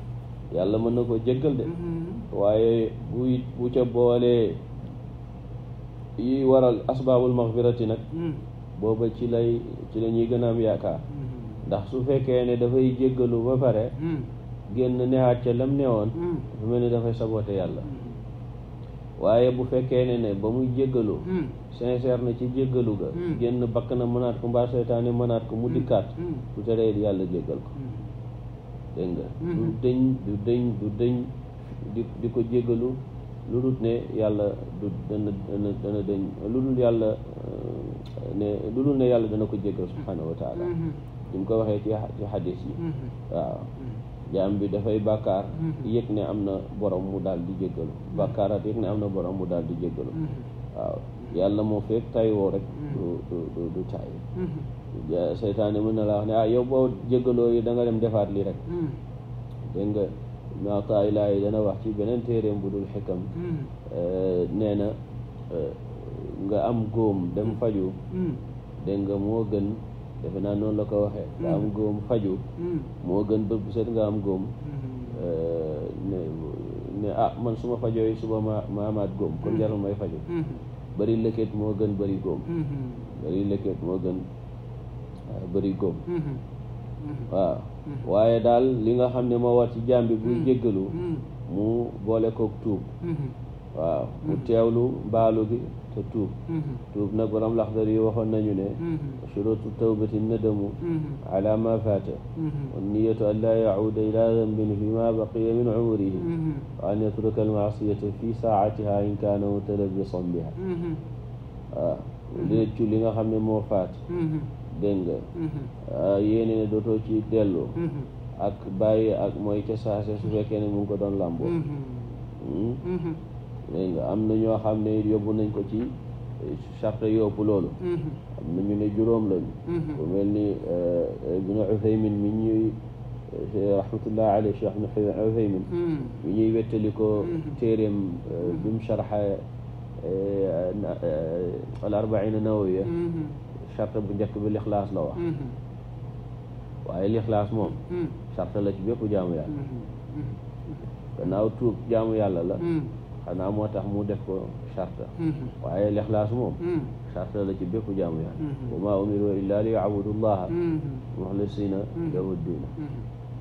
yàlla mën na ko jéggal de waaye bu ca boolee yi waral asbaabul maxfirati nag hmm. booba ci lay ci lañuy gën a am yaakaar hmm. ndax su fekkee ne dafay jéggalu ba pare hmm. génn neexaat ca lam ne woon dafa mel ni dafay saboté yàlla waaye bu fekkee ne ne ba muy jéggalu sincère na ci jéggalu ga génn bakk na mënaat ko mbaa mënaat ko mu dikkaat bu teree yàlla jéggal ko dégg du dëñ du dëñ du dëñ di di ko jéggalu lu dul ne yàlla du dana dana dana dañ lu dul yàlla ne lu dul ne yàlla dana ko jéggal subhaanahu wa taala
mm-hmm.
ko waxee ci ci xadis yi mm-hmm. waaw mm-hmm. jaam bi dafay bàkkaar yëg ne am na borom mu daal di jéggalu bàkkaaraat yëg ne am na borom mu daal di jéggaloo waaw yàlla moo fekk taywoo rek du du du tay seytaane mën na laa wax ne ah yow boo jéggaloo yi danga dem defaat lii rek ibnu ataa ilaahi dana wax ci beneen téeréem bu dul xikam nee na nga am góom dem faju dégg nga moo gën defe naa noonu la ko waxee nga am góom faju moo gën bët bu nga am góom ne ne ah man suma ma fajooy suba ma góom kon jarul may faju bëri lëkket moo gën bari góom bëri lëkket moo gën bëri góom Mm-hmm. waaw waaye daal li nga xam ne moo war ci jaam bi buy mm-hmm. jéggalu mm-hmm. mu boole kook tuub waaw mu teewlu mbaalu gi te tuub tuub nag borom laxdar yi waxoon nañu ne shurutu tawbati nadamu ala ma faata wa niyatu an laa yacuuda ila dambin fi ma baqiya min cumurihi wa an yatruka almaasiyata fi saacatiha in kaana mutalabisan biha waaw li nga xam ne moo faat dégg nga mhm. ah, yéene ne dootoo ci dellu mhm. ak bàyyi ak mooy ca saase su fekkee ne mu ngi ko doon làmboo mhm. hmm? am na ñoo xam ne yóbbu nañ ko ci eh, charte yóbbu loolu am na ñu ne juróom lañu bu mel ni eh, ibnu Uthaymin mi ñuy eh, rahmatullah alayhi cheikh ibnu Uthaymin mi ñuy wettali ko téeréem bi mu charxa al arbaina nawawiya charte bu njëkk bi lixlaas la wax mhm. waaye lixlaas moom mhm. charte la ci bépp jaamu yàlla
mhm.
gannaaw tuub jaamu yàlla la xanaa moo tax mu def ko charte waaye lixlaas moom charte la ci bépp jaamu yàlla wa maa umiru illaa li yabudu llaha muxlisina lahu diina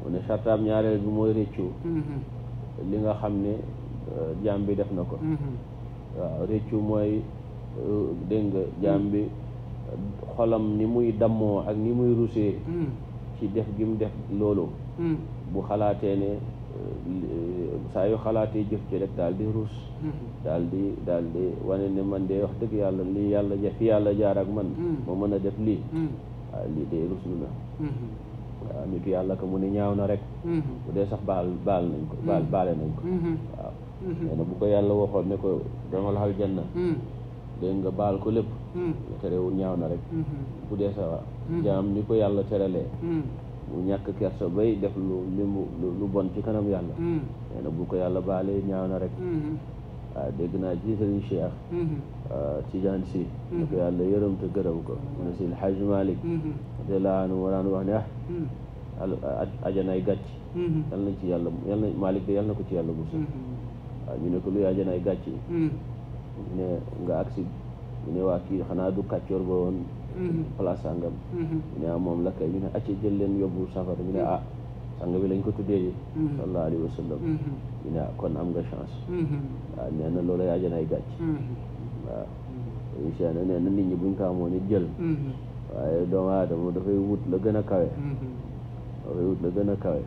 mu ne chartaam ñaareel bi mooy réccu li nga xam ne euh, jaam bi def na ko waaw réccu mooy euh, dégg nga jaam bi xolam ni muy dammoo ak ni muy rusee hmm. ci def gi mu def loolu hmm. bu xalaatee ne euh, saa yu xalaatee jëf ci rek daal di ruus hmm. dal di daal di wane ne man dee wax dëgg yàlla lii yàlla ja yàlla jaar ak man ma mën a def lii waaw lii de ruslu na waaw nitu yàlla ko mu ne ñaaw na rek bu dee sax baal baal nañ ko baal baale nañ ko waaw nee na bu ko yàlla waxoon ne ko demal xal janna dégg nga baal ko lépp Mm-hmm. terewul ñaaw na rek ku mm-hmm. dee sawa mm-hmm. jaam ni ko yàlla teralee mu ñàkk kerso bay def lu lu bon ci kanam yàlla
nee
bu ko yàlla baale ñaaw na rek waaw ah, dégg naa ci sëriñ Cheikh ah, Tidiane si ne ko yàlla ko mu ne si El Hadj Malick
na
ci yàlla yal na Malick de yal na ko ci yàlla musul waaw ah, ñu ne ko luy ajanaay gàcc ne nga agsi ñu ne waa kii xanaa du kàccoor ba woon mhm. place sàngam ñu mhm. ne ah moom la kay ñu ne acce jël leen yóbbu safara ñu ne mhm. ah sang bi lañ ko tuddee sallallahu alayhi wa ñu ne ah kon am nga chance
waaw
ah, nee na loolu ay janay gàcc waaw incha allah nee nit ñi buñ ko amoon it jël waaye doomu aadama dafay wut la gën a kawe dafay wut la gën a kawe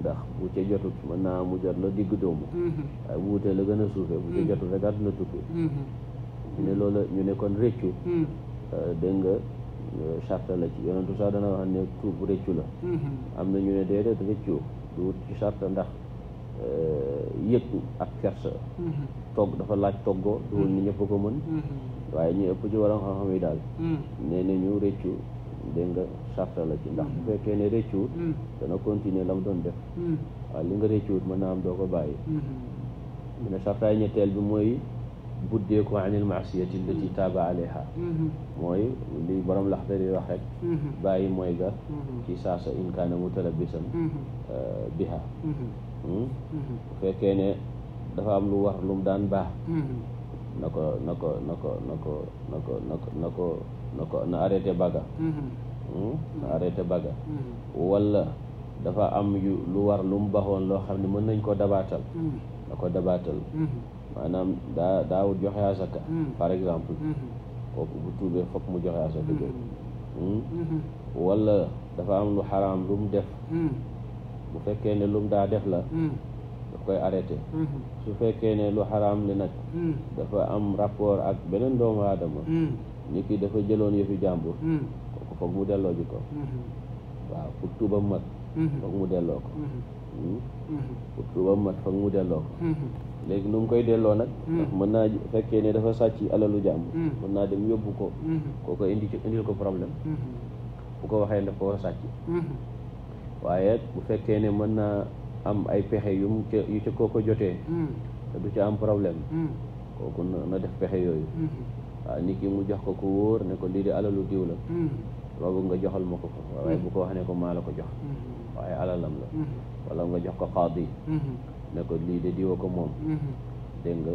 ndax bu ca jotut mën naa mu jot la digg doomu waaye bu wutee la gën a suufee bu ca jotut rek àdduna tukki ñu ne loola ñu ne kon réccu hmm. euh, dégg nga euh, charte la ci yonentu sax dana wax ne tuub réccu la hmm. am na ñu ne déedéet réccu du ci charte ndax euh, yëttu ak kersa hmm. togg dafa laaj toggoo du woon ñëpp ko mën waaye ñu ëpp ci waroon xam-xam yi daal nee na ñu réccu dégg nga charte la ci ndax bu fekkee ne réccuwut dana continuer la mu doon def waaye li nga réccuwut mën naa am doo ko bàyyi
mu
ne chartaay ñetteel bi mooy buddee ko anil maasiyati allati mm-hmm. taaba alayha mm-hmm. mooy lii boroom lax di wax rek mm-hmm. bàyyi mooy ga ci saasa in kaana mutalabisan uh, biha hmm? bu fekkee ne dafa am lu war lum daan baax na ko na ko na ko na ko na ko na na ko na arrêté baga hmm? na baga wala dafa am lu war lum baxoon loo xam ne mën nañ ko dabaatal na ko dabaatal maanaam daa daawut joxe asaka hmm. par exemple hmm. kooku bu tuubee fokk mu joxe asaka jooju
hmm.
wala dafa am lu xaraam lu mu def bu fekkee ne lu mu daa def la daf koy arrêté su fekkee ne lu xaraam li nag dafa am rapport ak beneen doomu aadama nit ki dafa jëloon yëfi jàmbur kooku foog mu delloo ji ko waaw pour tuubam mat foog mu delloo ko pour tuubam mat foog mu delloo ko léegi nu mu koy delloo nag hmm. mën naa fekkee ne dafa sàcc alalu jàmbur hmm. mën naa dem yóbbu ko hmm. kooko indi ci indil ko problème bu ko waxee daf koo sàcc waaye bu fekkee ne mën naa am ay pexe yu mu ca yu ca kooko jotee te du ca am problème kooku na def pexe yooyu waaw nit ki mu jox ko ko wóor ne ko lii di alalu diw la loolu nga joxal ma ko ko waaye bu ko wax ne ko maa la ko jox waaye alalam la wala nga jox ko xaadi ne ko lii de diwa ko moom
mm-hmm.
dégg nga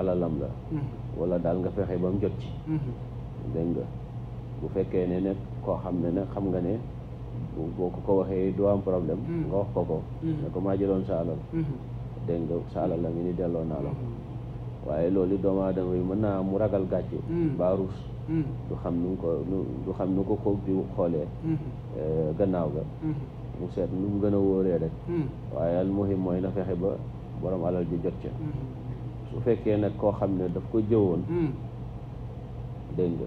alalam la mm-hmm. wala daal nga fexe bam jot ci mm-hmm. dégg nga bu fekkee ne nag koo xam ne ne xam nga ne boo ko ko waxee du am problème nga wax ko ko ne ko maa jëloon sa alal dégg nga sa alal la ni delloo naa la waaye loolu doomu aadama yi mën naa am mu ragal gàcce baa ruus du xam nu ko du xam nu ko ko di xoolee eh, gannaaw ga mu seet nu mu gën a wóoree rek hmm. waaye al muhim mooy na fexe ba borom alal ji jot ca hmm. su fekkee nag koo xam ne daf ko jëwoon hmm. dégg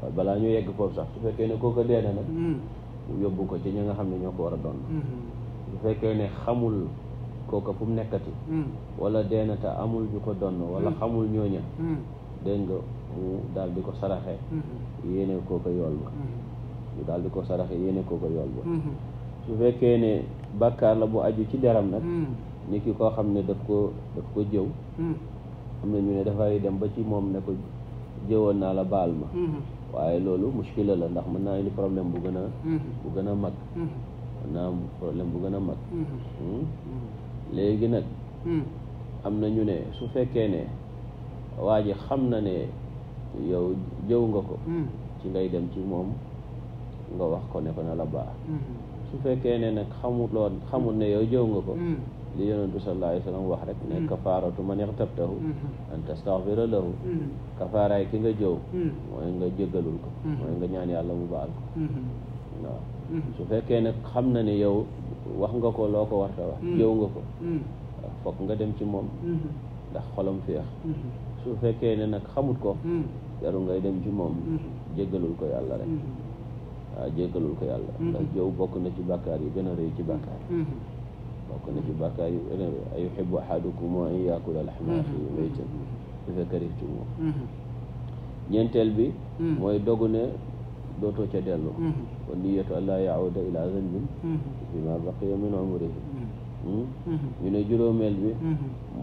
waaye balaa ñu yegg foofu sax su fekkee ne koo ko na nag yóbbu ko ci ñi nga xam ne ñoo ko war a doon su fekkee ne xamul kooka fu mu nekkati wala dee te amul ñu ko donn wala xamul ñooña dégg nga daal di ko saraxe yéene kooka yool ba mu daal di ko saraxe yéene kooka yool ba su fekkee ne bàkkaar la bu aju ci daram nag hmm. nit ki koo xam ne daf ko daf ko jëw hmm. am na ñu ne dafay dem ba ci moom ne ko jëwoon naa la baal ma hmm. waaye loolu muskila la ndax mën naa indi problème bu gën a bu gën a mag mën naa problème bu gën a mag léegi nag am na ñu ne su fekkee ne waa ji xam na ne yow jëw nga ko ci ngay dem ci moom nga wax ko ne ko na la baal su fekkee ne nag xamuloon xamul ne yow jëw nga ko mm. li yonentu sallallahu alayhi wa sallam wax rek ne mm. kafaaratu man ixtabtahu mm-hmm. an tastaxfira lahu mm-hmm. kafaaraay ki nga jëw mm. mooy nga jéggalul ko mm-hmm. mooy nga ñaan yàlla mu baax ko fekkee nag xam na ne yow wax nga ko loo ko warta wax jëw nga ko fokk nga dem ci moom ndax xolam féex su fekkee ne nag xamut ko jaru ngay dem ci moom jéggalul ko yàlla rek waaw jéggalul ko yàlla mm-hmm. ndax jëw bokk na ci bàkkaar yi gën a ci bàkkaar yi mm-hmm. bokk na ci bàkkaar yu gën a rëy ay yuhibbu ahadukum an yaakula lahma mm-hmm. ñeenteel bi mooy dogu ne dootoo ca dellu wa niyyatu an laa yahuuda ila zanbin bimaa baqiya min umrihi hmm? ñu ne juróomeel bi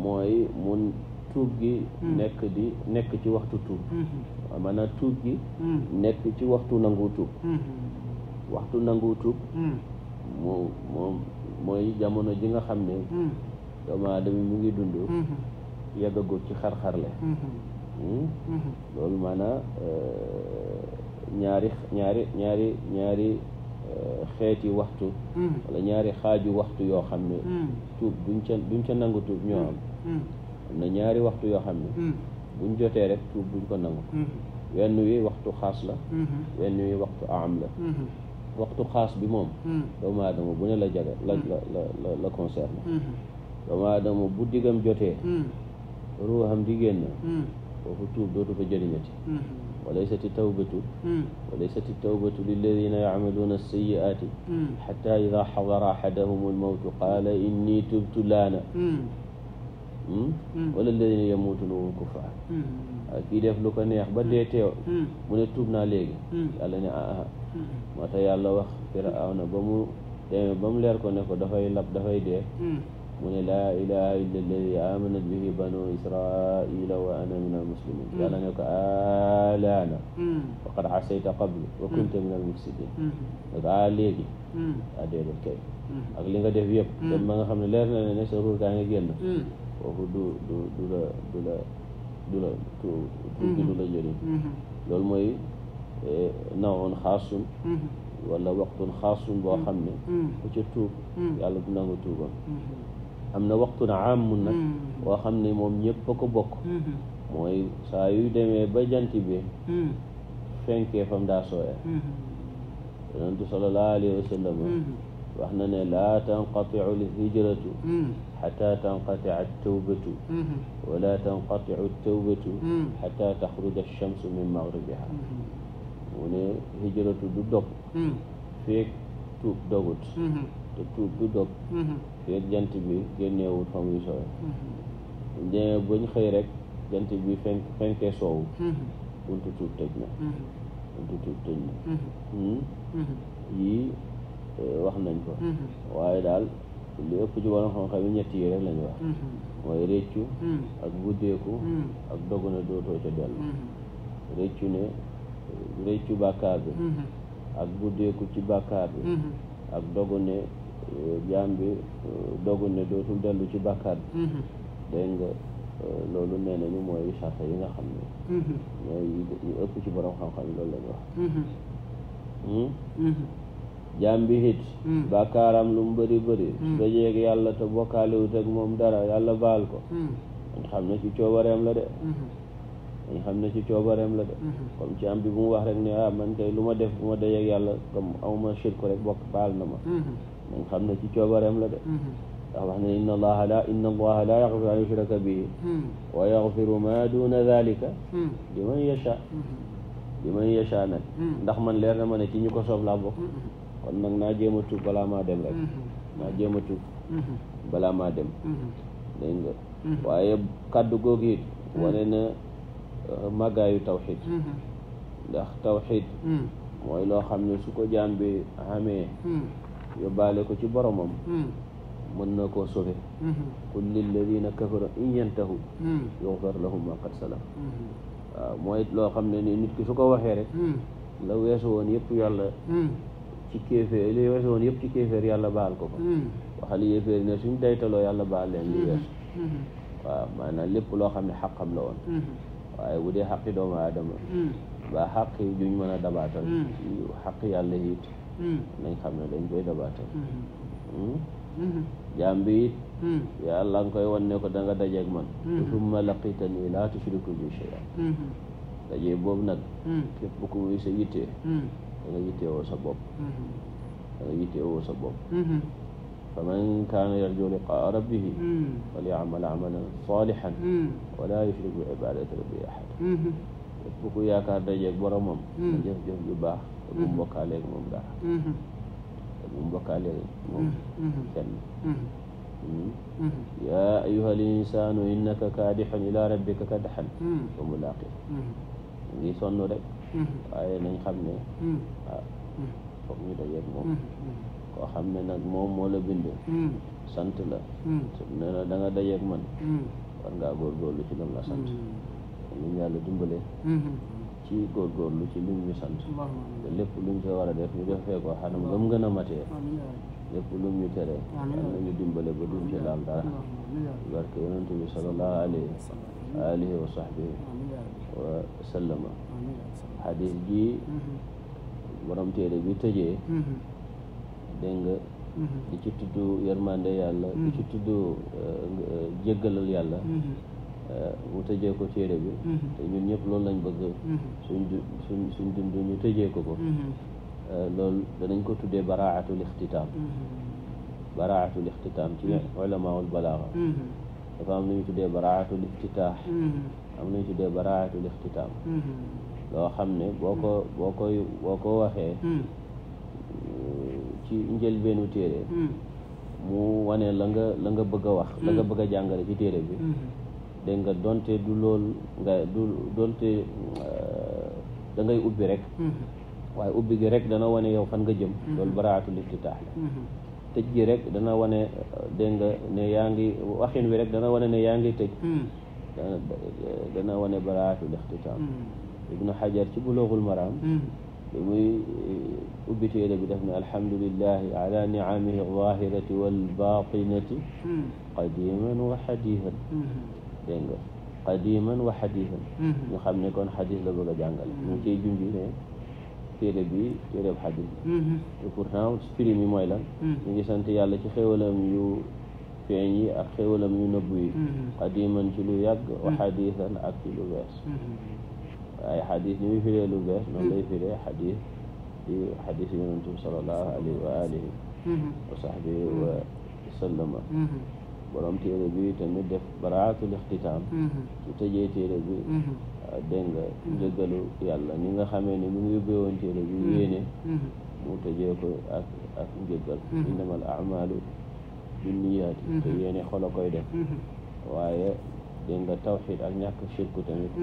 mooy mun tuub gi hmm. nekk di nekk ci waxtu tuub hmm. waaw maanaam tuub gi hmm. nekk ci waxtu nangu tuub waxtu nangu tuub moo moom mooy jamono ji nga xam ne doomu aadama mu ngi dund yàggagul ci xar-xarle loolu maanaam euh, ñaari ñaari ñaari ñaari euh, xeeti waxtu wala ñaari xaaju waxtu yoo xam ne tuub duñ ca duñ ca nangu tuub ñoo am am na ñaari waxtu yoo xam ne hmm. buñ jotee rek tuub buñ ko nangu hmm. wenn wi waxtu xaas la hmm. wenn wi waxtu am la waxtu xaas bi moom doomu aadama bu ne la jaga la la la la concerne doomu aadama bu diggam jotee ruuxam di génn foofu tuub dootu ko jëriñati وليست التوبة وليست التوبة للذين يعملون السيئات حتى إذا حضر أحدهم الموت قال إني تبت الآن Hmm? Hmm. wala ladina yamuutuna wum hmm. ah, kuffaar def lu ko neex ba dee teew mu ne tuub naa léegi yàlla ah, ah. yàlla wax firawna ba mu ba mu leer ko ne ko dafay lab dafay dee mu ne laa ilaha illa alladi amanat bihi banu israila wa ana min almuslimin yàlla ne ko alaana faqad wa kunta min almufsidin ne ko a léegi daa déedéet ak li nga def yëpp dem ma nga xam ne leer na ne ne sa ruur kaa ngi génn foofu du du du la du la du la tuur gi du la jëriñ mm-hmm. loolu mooy eh, nawoon xaasun
mm-hmm.
wala waxtun xaasun boo xam ne mm-hmm. ku ca tuub yàlla du nangu tuubam am na waxtun aamun nag boo xam ne moom ñëpp a ko bokk mooy saa yu demee ba jant bi fenkee fam daa sooya yonentu sallallahu alayhi wa sallam wax na ne laa tanqatiu l hijratu xataa tanqatia tawbatu wala tanqatiu tawbatu xataa taxruja shamsu min magribiha mu ne hijratu du dog feek tuub dogut te tuub du dog feek jant bi génneewul fa muy soowe demee bañ xëy rek jant bi fenk fenkee soowu buntu tuub tëj na buntu tuub tëj na hmm? yii eh, wax nañ ko waaye daal li ëpp ci borom xam-xam yi ñett yi rek lañu wax mm-hmm. mooy mm-hmm. ak guddeeku mm-hmm. ak dogu ne dootoo ca dellu réccu ne réccu bàkkaar bi ak guddeeku ci bàkkaar bi ak dogu ne jaam bi dogu ne dootul dellu ci bàkkaar bi dégg nga loolu nee nañu mooy sarta yi nga xam ne ñooy yu ëpp ci borom xam-xam yi loolu lañu jaam hit hmm. bàkkaaram lu mu bëri bëri su hmm. dajeeg yàlla te bokkaaliwut moom dara yàlla baal ko
dañ
xam na ci coobareem la de dañ xam ne ci coobareem la de hmm. comme ci mu wax rek ne ah man kay lu ma def bu ma dajeeg yàlla comme awma rek bokk baal na ma dañ xam ne ci coobareem la de ndax wax la inna an yushraka bihi wa ma duna dalika liman yasha liman yasha nag ndax man leer na ma ne ci ñu ko soob laa bokk kon nag naa jéem balaa maa dem rek mhm. naa jéem mhm. balaa maa dem mhm. dégg nga waaye kàddu googu it wane na uh, màggaayu tawxid ndax tawxid mooy loo xam ne su ko jaam bi amee yóbbaale ko ci boromam mën na koo sauvé qul lilladina kafaru loo xam ne ki su ko waxee rek la weesu woon yëpp yàlla ci kéeféer li baal ko ko hmm. waxal yéeféer ne suñ daytaloo yàlla baal leen li hmm. weesu hmm. waaw maanaam lépp loo xam ne xaqam la woon waaye bu dee xaqi doomu aadama ba xaqi juñ mën a dabaatal xaqi yàlla dañ koy dabaatal jaam bi it yàlla nga koy wan ko da nga dajeeg man summa laqitani laa tushriku bi shay'an daje boobu nag képp ku muy sa yittee da nga yittewoo sa bopp
da mm-hmm.
nga yittewoo sa bopp mm-hmm. fa man kaana yarju liqaa rabbihi mm-hmm. falyacmal amalan salihan wala yushrik bi ibadati rabbihi ahada képp ku yaakaar dajeeg boromam da jëf-jëf ju baax te bu mbokkaaleeg moom dara te bu mbokkaaleeg moom kenn hmm? yaa ayuha al insaanu innaka kaadixun ila rabbika kadaxan fa mulaaqi ngi sonn rek Mm-hmm. waaye nañ xam ne mm-hmm. ah mm-hmm. foog ñu dajeeg moom koo xam ne nag moom moo la bind sant la su ne danga da nga dajeeg man war ngaa góorgóorlu ci lam la sant ñu yàlla dimbale ci góor góorgóorlu ci lim ñu sant te lépp luñ ko war a def ñu defee ko xanam gëm gën a matee lépp lum ñu teree yàlla ñu dimbale ba duñ ci laal dara barke yonent bi sallallahu alayhi wa wa sahbihi xadis mm-hmm. ji
mm-hmm.
boroom téere bi tëjee mm-hmm. dégg nga ci tudd yërmande yàlla di ci tudd euh, jéggalal yàlla euh, mu tëjee ko téere bi te ñun ñëpp loolu nañ bëgg suñ suñ dund ñu tëjee ko ko
euh,
loolu danañ ko tuddee baraatul ixtitaam baraatul ixtitaam ci ulamaul balaaxa dafa am lu tuddee baraatul iftitaax am lu ñu tuddee baraatul ixtitaam loo xam ne boo ko hmm. boo koy boo ko waxee hmm. ci njëlbeenu téere hmm. mu wane la nga la nga bëgg a wax la nga bëgg a jàngale ci téere bi dégg nga donte du lool nga du donte euh, da ubbi rek waaye ubbi gi rek dana wane yow fan nga jëm loolu baraatu iftitaax tëj gi rek dana wane dégg nga ne yaa ngi waxin wi rek dana wane ne yaa ngi tëj dana wane baraatul iftitaax ibnu xajar ci buluuxul maraam li hmm. muy eh, ubbi téere bi def ne alhamdulillahi ala niamihi alzahirati walbatinati hmm. qadiman wa xadiisan hmm. dégg nga qadiman wa xadiisan ñu xam ne kon xadis la bëgg a jàngale ñu ngi ciy junj ne téere bi téere bu xadis la te pourtant firi mi mooy lan ñu ngi sant yàlla ci xéwalam yu feeñ yi ak xéwalam yu nëbb yi qadiman ci lu yàgg wa xadiisan ak ci lu bees ay xadis ni muy firee lu bees noonu lay firee xadis di xadis yi yonent bi sallallahu alayhi wa alihi wa sahbihi wa sallama borom téere bi tamit def baraatul ixtitaam su tëjee téere bi dégg nga jëggalu yàlla ni nga xamee ni mu ngi ubbee woon téere bi yéene mu tëjee ko ak ak njëggal innamal amalu binniyaati te yéene xol a koy def waaye dégg nga tawxid ak ñàkk shirku tamit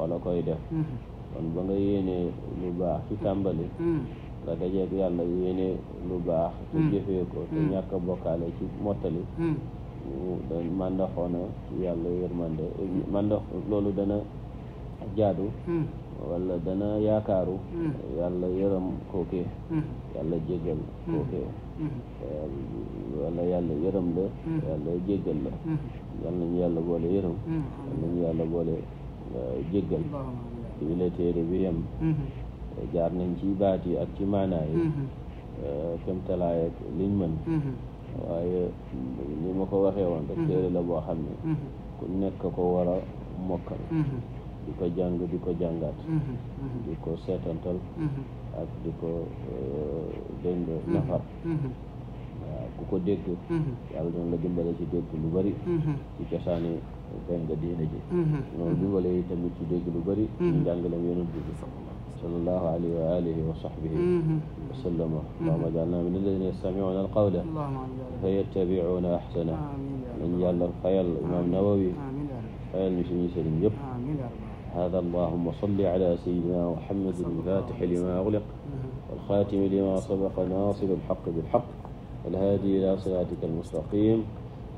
xol a koy def mm-hmm. kon ba nga yéenee lu baax ci tàmbali mm-hmm. nga dajeeg yàlla yéenee lu baax te mm-hmm. jëfee ko te ñàkk a bokkaale ci mottali màndaxoona yàlla yërmande màndax loolu dana jaadu wala dana yaakaaru yàlla yërëm kookee yàlla jéggal kookee wala yàlla yërëm la yàlla jéggal la yàlla nañu yàlla boole yërëm yàlla nañu yàlla boole jéggal ci bi la téere bi yem
mm-hmm.
jaar nañ ci baat yi ak ci maanaa mm-hmm. euh, kemtalaay ak liñ mën mm-hmm. waaye ni ma ko waxee woon rek téere la boo xam ne ku nekk ko wara a mokkal di ko jàng di ko jàngaat di ko seetantal ak di ko euh, dënd nafar waaw ku ko dégg yàlla doon la dimbale ci dégg lu bari ci cosaani dégg nga diine ji ñoo mhm. jubale tamit ci dégg lu bëri mhm. ñu njàngalem yonent bi sallallahu alayhi wa alihi wa sahbihi wa mhm. sallama allahuma jaalna min alladina yastamiuna alqawla fa yattabiuna ahsana nañ yàlla fayal imam nawawi fayal ñu suñu sëriñ yëpp hada allahuma salli ala sayidina muhammadin alfatixi lima ugliq walxaatimi lima sabaqa nasiri alxaq bilxaq walhaadi ila siratika almustaqim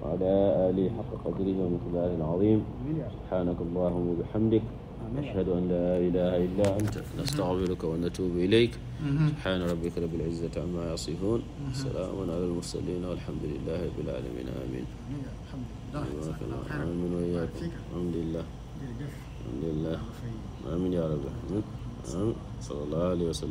وعلى آله حق قدره ومقداره العظيم سبحانك اللهم وبحمدك أشهد أن لا إله إلا أنت نستغفرك ونتوب إليك سبحان ربك رب العزة عما يصفون سلام على المرسلين والحمد لله رب العالمين آمين آمين وإياكم الحمد لله الحمد لله آمين يا رب آمين
صلى الله عليه وسلم